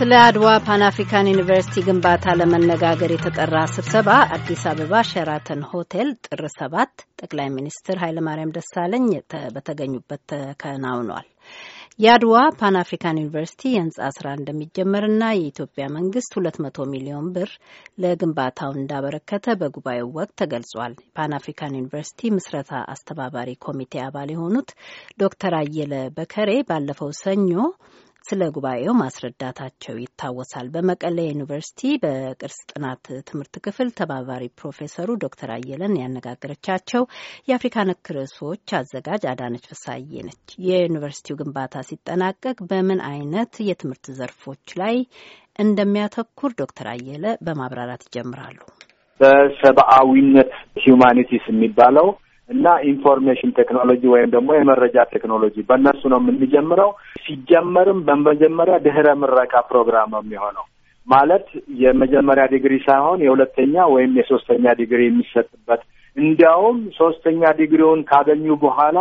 ስለ አድዋ ፓን አፍሪካን ዩኒቨርሲቲ ግንባታ ለመነጋገር የተጠራ ስብሰባ አዲስ አበባ ሸራተን ሆቴል ጥር ሰባት ጠቅላይ ሚኒስትር ኃይለማርያም ደሳለኝ በተገኙበት ተከናውኗል። የአድዋ ፓን አፍሪካን ዩኒቨርሲቲ የህንፃ ስራ እንደሚጀመርና የኢትዮጵያ መንግስት ሁለት መቶ ሚሊዮን ብር ለግንባታው እንዳበረከተ በጉባኤው ወቅት ተገልጿል። ፓን አፍሪካን ዩኒቨርሲቲ ምስረታ አስተባባሪ ኮሚቴ አባል የሆኑት ዶክተር አየለ በከሬ ባለፈው ሰኞ ስለ ጉባኤው ማስረዳታቸው ይታወሳል። በመቀለ ዩኒቨርሲቲ በቅርስ ጥናት ትምህርት ክፍል ተባባሪ ፕሮፌሰሩ ዶክተር አየለን ያነጋገረቻቸው የአፍሪካ ነክ ርዕሶች አዘጋጅ አዳነች ፍሳዬ ነች። የዩኒቨርሲቲው ግንባታ ሲጠናቀቅ በምን አይነት የትምህርት ዘርፎች ላይ እንደሚያተኩር ዶክተር አየለ በማብራራት ይጀምራሉ። በሰብአዊነት ሂዩማኒቲስ የሚባለው እና ኢንፎርሜሽን ቴክኖሎጂ ወይም ደግሞ የመረጃ ቴክኖሎጂ በእነሱ ነው የምንጀምረው። ሲጀመርም በመጀመሪያ ድህረ ምረቃ ፕሮግራም ነው የሚሆነው። ማለት የመጀመሪያ ዲግሪ ሳይሆን የሁለተኛ ወይም የሶስተኛ ዲግሪ የሚሰጥበት እንዲያውም ሶስተኛ ዲግሪውን ካገኙ በኋላ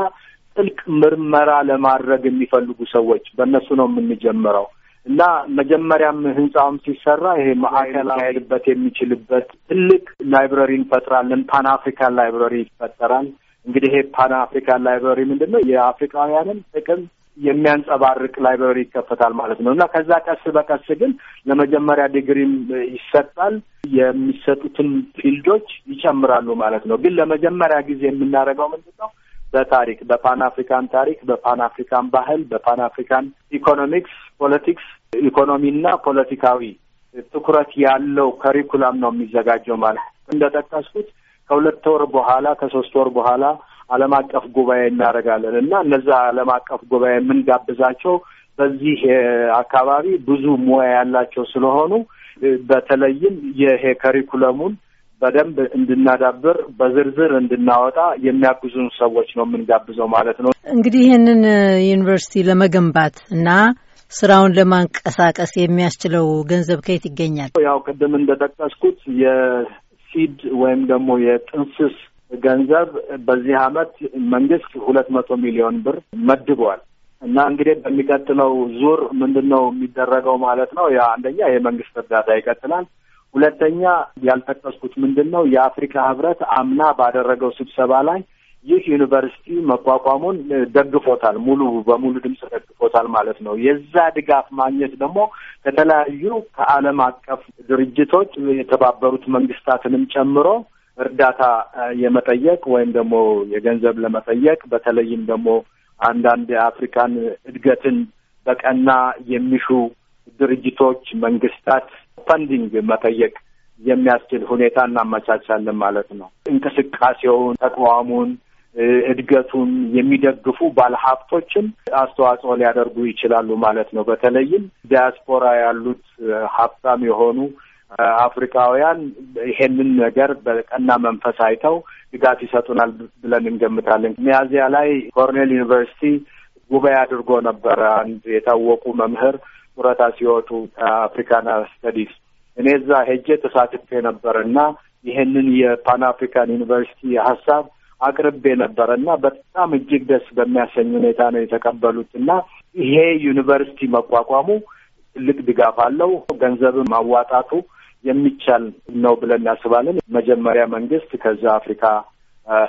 ጥልቅ ምርመራ ለማድረግ የሚፈልጉ ሰዎች በእነሱ ነው የምንጀምረው እና መጀመሪያም ህንፃውም ሲሰራ ይሄ ማዕከል ሊካሄድበት የሚችልበት ትልቅ ላይብረሪ እንፈጥራለን። ፓን አፍሪካን ላይብረሪ ይፈጠራል። እንግዲህ ይሄ ፓን አፍሪካን ላይብረሪ ምንድን ነው የአፍሪካውያንን ጥቅም የሚያንጸባርቅ ላይብረሪ ይከፈታል ማለት ነው እና ከዛ ቀስ በቀስ ግን ለመጀመሪያ ዲግሪም ይሰጣል። የሚሰጡትን ፊልዶች ይጨምራሉ ማለት ነው። ግን ለመጀመሪያ ጊዜ የምናደርገው ምንድን ነው? በታሪክ በፓን አፍሪካን ታሪክ፣ በፓን አፍሪካን ባህል፣ በፓን አፍሪካን ኢኮኖሚክስ፣ ፖለቲክስ፣ ኢኮኖሚና ፖለቲካዊ ትኩረት ያለው ከሪኩላም ነው የሚዘጋጀው ማለት ነው። እንደጠቀስኩት ከሁለት ወር በኋላ ከሶስት ወር በኋላ ዓለም አቀፍ ጉባኤ እናደርጋለን እና እነዛ ዓለም አቀፍ ጉባኤ የምንጋብዛቸው በዚህ አካባቢ ብዙ ሙያ ያላቸው ስለሆኑ በተለይም ይሄ ከሪኩለሙን በደንብ እንድናዳብር በዝርዝር እንድናወጣ የሚያግዙን ሰዎች ነው የምንጋብዘው ማለት ነው። እንግዲህ ይህንን ዩኒቨርሲቲ ለመገንባት እና ስራውን ለማንቀሳቀስ የሚያስችለው ገንዘብ ከየት ይገኛል? ያው ቅድም እንደጠቀስኩት ሲድ ወይም ደግሞ የጥንስስ ገንዘብ በዚህ አመት መንግስት ሁለት መቶ ሚሊዮን ብር መድቧል። እና እንግዲህ በሚቀጥለው ዙር ምንድን ነው የሚደረገው ማለት ነው? ያ አንደኛ የመንግስት እርዳታ ይቀጥላል። ሁለተኛ ያልጠቀስኩት ምንድን ነው የአፍሪካ ህብረት አምና ባደረገው ስብሰባ ላይ ይህ ዩኒቨርሲቲ መቋቋሙን ደግፎታል፣ ሙሉ በሙሉ ድምፅ ደግፎታል ማለት ነው። የዛ ድጋፍ ማግኘት ደግሞ ከተለያዩ ከዓለም አቀፍ ድርጅቶች የተባበሩት መንግስታትንም ጨምሮ እርዳታ የመጠየቅ ወይም ደግሞ የገንዘብ ለመጠየቅ በተለይም ደግሞ አንዳንድ የአፍሪካን እድገትን በቀና የሚሹ ድርጅቶች፣ መንግስታት ፈንዲንግ መጠየቅ የሚያስችል ሁኔታ እናመቻቻለን ማለት ነው። እንቅስቃሴውን፣ ተቋሙን እድገቱን የሚደግፉ ባለሀብቶችም አስተዋጽኦ ሊያደርጉ ይችላሉ ማለት ነው። በተለይም ዲያስፖራ ያሉት ሀብታም የሆኑ አፍሪካውያን ይሄንን ነገር በቀና መንፈስ አይተው ድጋፍ ይሰጡናል ብለን እንገምታለን። ሚያዝያ ላይ ኮርኔል ዩኒቨርሲቲ ጉባኤ አድርጎ ነበረ። አንድ የታወቁ መምህር ጡረታ ሲወጡ አፍሪካን ስተዲስ እኔ እዛ ሄጄ ተሳትፌ ነበር እና ይሄንን የፓን አፍሪካን ዩኒቨርሲቲ ሀሳብ አቅርቤ ነበረ እና በጣም እጅግ ደስ በሚያሰኝ ሁኔታ ነው የተቀበሉት እና ይሄ ዩኒቨርሲቲ መቋቋሙ ትልቅ ድጋፍ አለው። ገንዘብን ማዋጣቱ የሚቻል ነው ብለን እናስባለን። መጀመሪያ መንግስት፣ ከዛ አፍሪካ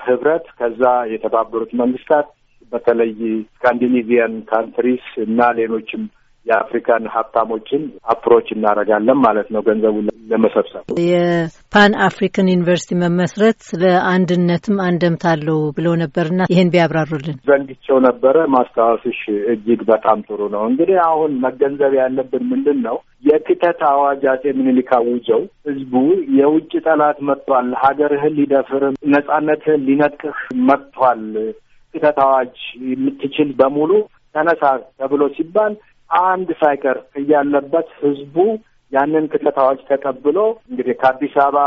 ህብረት፣ ከዛ የተባበሩት መንግስታት በተለይ ስካንዲኒቪያን ካንትሪስ እና ሌሎችም የአፍሪካን ሀብታሞችን አፕሮች እናደርጋለን ማለት ነው ገንዘቡን ለመሰብሰብ። የፓን አፍሪካን ዩኒቨርሲቲ መመስረት ለአንድነትም አንደምታ አለው ብለው ነበርና ይህን ቢያብራሩልን። ዘንግቸው ነበረ። ማስታወስሽ እጅግ በጣም ጥሩ ነው። እንግዲህ አሁን መገንዘብ ያለብን ምንድን ነው የክተት አዋጅ አፄ ምኒልክ አውጀው ህዝቡ የውጭ ጠላት መጥቷል፣ ሀገርህን ሊደፍር ነጻነትህን ሊነጥቅህ መጥቷል፣ ክተት አዋጅ የምትችል በሙሉ ተነሳ ተብሎ ሲባል አንድ ሳይቀር እያለበት ህዝቡ ያንን ክተት አዋጅ ተቀብሎ እንግዲህ ከአዲስ አበባ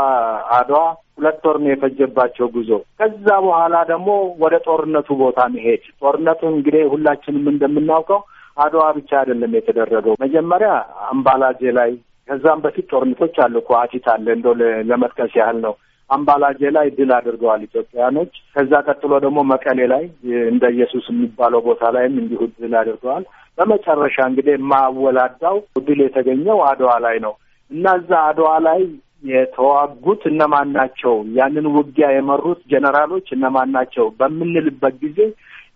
አድዋ ሁለት ወር ነው የፈጀባቸው ጉዞ። ከዛ በኋላ ደግሞ ወደ ጦርነቱ ቦታ መሄድ። ጦርነቱ እንግዲህ ሁላችንም እንደምናውቀው አድዋ ብቻ አይደለም የተደረገው። መጀመሪያ አምባላጄ ላይ፣ ከዛም በፊት ጦርነቶች አሉ። ኳቲት አለ። እንደ ለመጥቀስ ያህል ነው። አምባላጄ ላይ ድል አድርገዋል ኢትዮጵያኖች። ከዛ ቀጥሎ ደግሞ መቀሌ ላይ እንደ ኢየሱስ የሚባለው ቦታ ላይም እንዲሁ ድል አድርገዋል። በመጨረሻ እንግዲህ የማወላዳው ድል የተገኘው አድዋ ላይ ነው እና እዛ አድዋ ላይ የተዋጉት እነማን ናቸው? ያንን ውጊያ የመሩት ጀነራሎች እነማን ናቸው? በምንልበት ጊዜ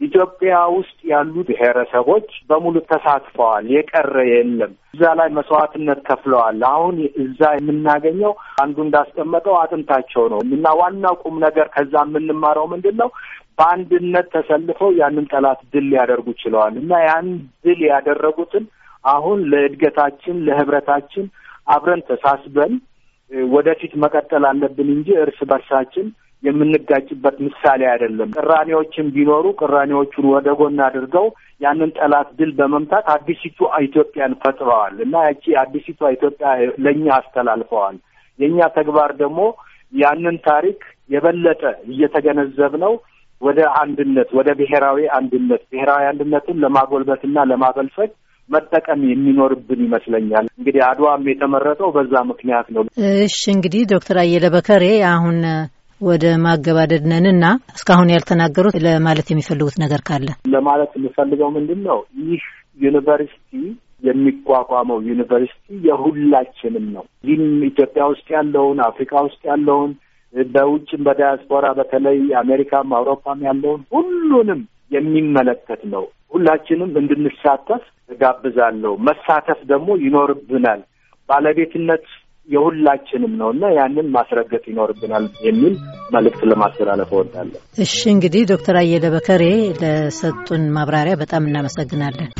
ኢትዮጵያ ውስጥ ያሉ ብሔረሰቦች በሙሉ ተሳትፈዋል። የቀረ የለም። እዛ ላይ መስዋዕትነት ከፍለዋል። አሁን እዛ የምናገኘው አንዱ እንዳስቀመጠው አጥንታቸው ነው እና ዋናው ቁም ነገር ከዛ የምንማረው ምንድን ነው? በአንድነት ተሰልፈው ያንን ጠላት ድል ሊያደርጉ ችለዋል እና ያን ድል ያደረጉትን አሁን ለእድገታችን፣ ለህብረታችን አብረን ተሳስበን ወደፊት መቀጠል አለብን እንጂ እርስ በርሳችን የምንጋጭበት ምሳሌ አይደለም። ቅራኔዎችን ቢኖሩ ቅራኔዎቹን ወደ ጎን አድርገው ያንን ጠላት ድል በመምታት አዲሲቱ ኢትዮጵያን ፈጥረዋል እና ያቺ አዲሲቱ ኢትዮጵያ ለእኛ አስተላልፈዋል። የእኛ ተግባር ደግሞ ያንን ታሪክ የበለጠ እየተገነዘብ ነው ወደ አንድነት ወደ ብሔራዊ አንድነት ብሔራዊ አንድነትን ለማጎልበትና ለማበልጸግ መጠቀም የሚኖርብን ይመስለኛል። እንግዲህ አድዋም የተመረጠው በዛ ምክንያት ነው። እሺ እንግዲህ ዶክተር አየለ በከሬ አሁን ወደ ማገባደድ ነን እስካሁን ያልተናገሩት ለማለት የሚፈልጉት ነገር ካለ ለማለት የምፈልገው ምንድን ነው? ይህ ዩኒቨርሲቲ የሚቋቋመው ዩኒቨርሲቲ የሁላችንም ነው። ይህም ኢትዮጵያ ውስጥ ያለውን አፍሪካ ውስጥ ያለውን በውጭም በዲያስፖራ በተለይ አሜሪካም አውሮፓም ያለውን ሁሉንም የሚመለከት ነው። ሁላችንም እንድንሳተፍ እጋብዛለሁ። መሳተፍ ደግሞ ይኖርብናል። ባለቤትነት የሁላችንም ነው እና ያንን ማስረገጥ ይኖርብናል የሚል መልእክት ለማስተላለፍ እወዳለሁ። እሺ እንግዲህ ዶክተር አየለ በከሬ ለሰጡን ማብራሪያ በጣም እናመሰግናለን።